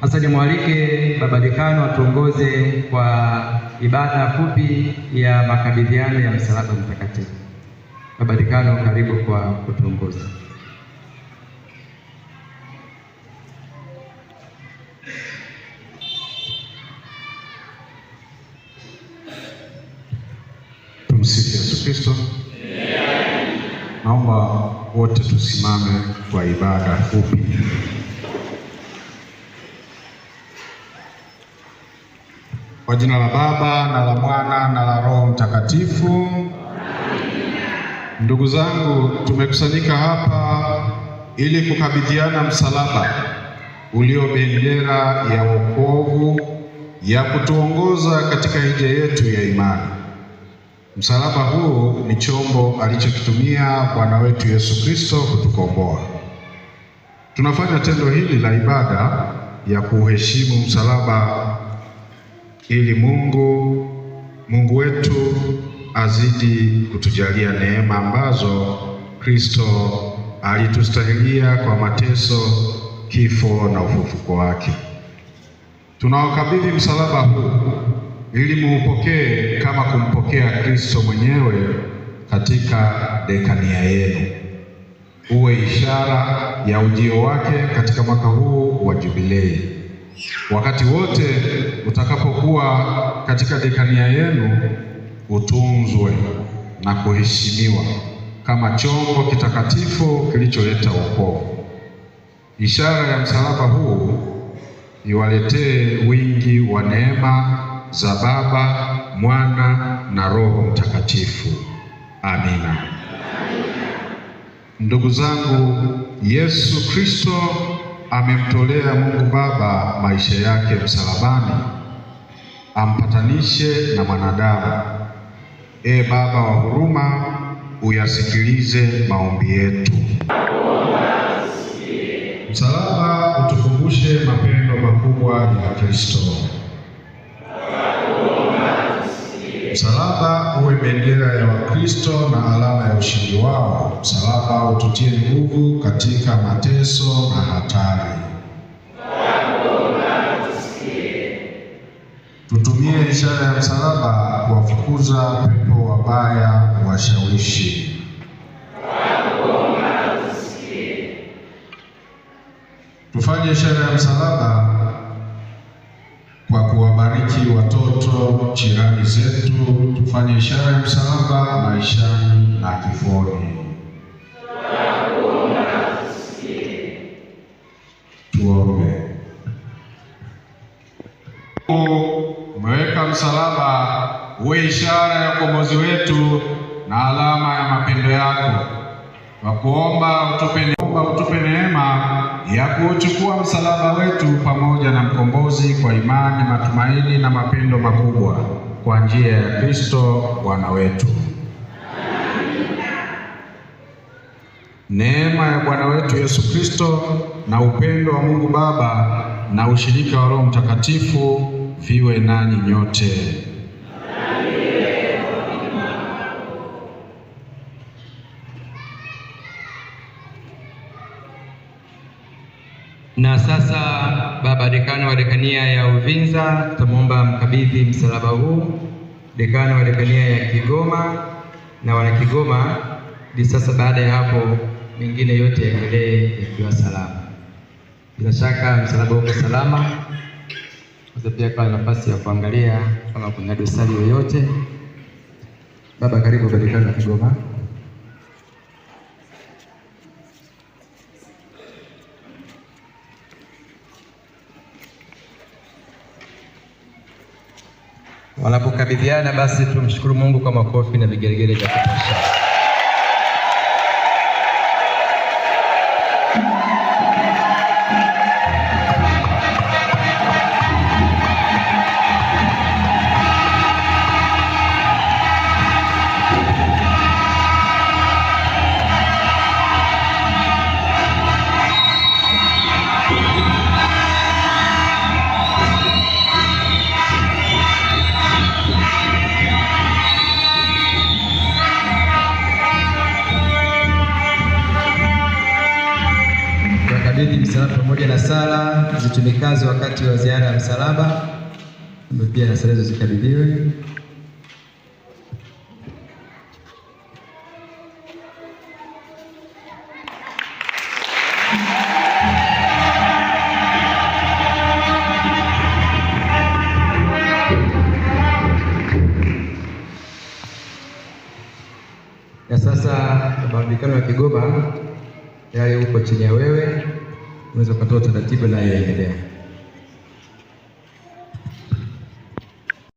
Sasa nimwalike baba dekano atuongoze kwa ibada fupi ya makabidhiano ya msalaba mtakatifu. Baba dekano, karibu kwa kutuongoza. Tumsifu Yesu Kristo. Naomba wote tusimame kwa ibada fupi. Kwa jina la Baba na la Mwana na la Roho Mtakatifu. Ndugu zangu, tumekusanyika hapa ili kukabidhiana msalaba ulio bendera ya wokovu ya kutuongoza katika hija yetu ya imani. Msalaba huu ni chombo alichokitumia Bwana wetu Yesu Kristo kutukomboa. Tunafanya tendo hili la ibada ya kuheshimu msalaba ili Mungu Mungu wetu azidi kutujalia neema ambazo Kristo alitustahilia kwa mateso, kifo na ufufuko wake. Tunaokabidhi msalaba huu ili muupokee kama kumpokea Kristo mwenyewe katika dekania yenu, uwe ishara ya ujio wake katika mwaka huu wa jubilei. Wakati wote utakapokuwa katika dekania yenu, utunzwe na kuheshimiwa kama chombo kitakatifu kilicholeta wokovu. Ishara ya msalaba huu iwaletee wingi wa neema za Baba, Mwana na Roho Mtakatifu. Amina. Ndugu zangu, Yesu Kristo amemtolea Mungu Baba maisha yake msalabani ampatanishe na mwanadamu. E Baba wa huruma, uyasikilize maombi yetu. Msalaba utukumbushe mapendo makubwa ya Kristo. Msalaba uwe bendera ya Wakristo na alama ya ushindi wao. Msalaba ututie nguvu katika mateso na hatari. Tutumie ishara ya msalaba kuwafukuza pepo wabaya, washawishi. Tufanye ishara ya msalaba tuwabariki watoto jirani zetu, tufanye ishara ya msalaba maishani na kifoni. Tuombe. Umeweka msalaba uwe ishara ya ukombozi wetu na alama ya mapendo yako kwa kuomba utupe neema ya kuuchukua msalaba wetu pamoja na mkombozi kwa imani, matumaini na mapendo makubwa kwa njia ya Kristo Bwana wetu. Neema ya Bwana wetu Yesu Kristo na upendo wa Mungu Baba na ushirika wa Roho Mtakatifu viwe nanyi nyote. Na sasa baba dekano wa dekania ya Uvinza tutamwomba mkabidhi msalaba huu dekano wa dekania ya Kigoma na wana Kigoma di. Sasa baada ya hapo mengine yote yaendelee yakiwa salama. Bila shaka msalaba uko salama. Pia kwa nafasi ya kuangalia kama kuna dosari yoyote. Baba, karibu badikano wa Kigoma. Wanapokabidhiana basi tumshukuru Mungu kwa makofi na vigelegele vya kutosha. zitumikazo wakati wa ziara ya msalaba, pia na sala hizo zikabidhiwe. Na sasa mabambikano ya kigoma yayo huko chini ya wewe unaweza ukatoa taratibu nayoendelea.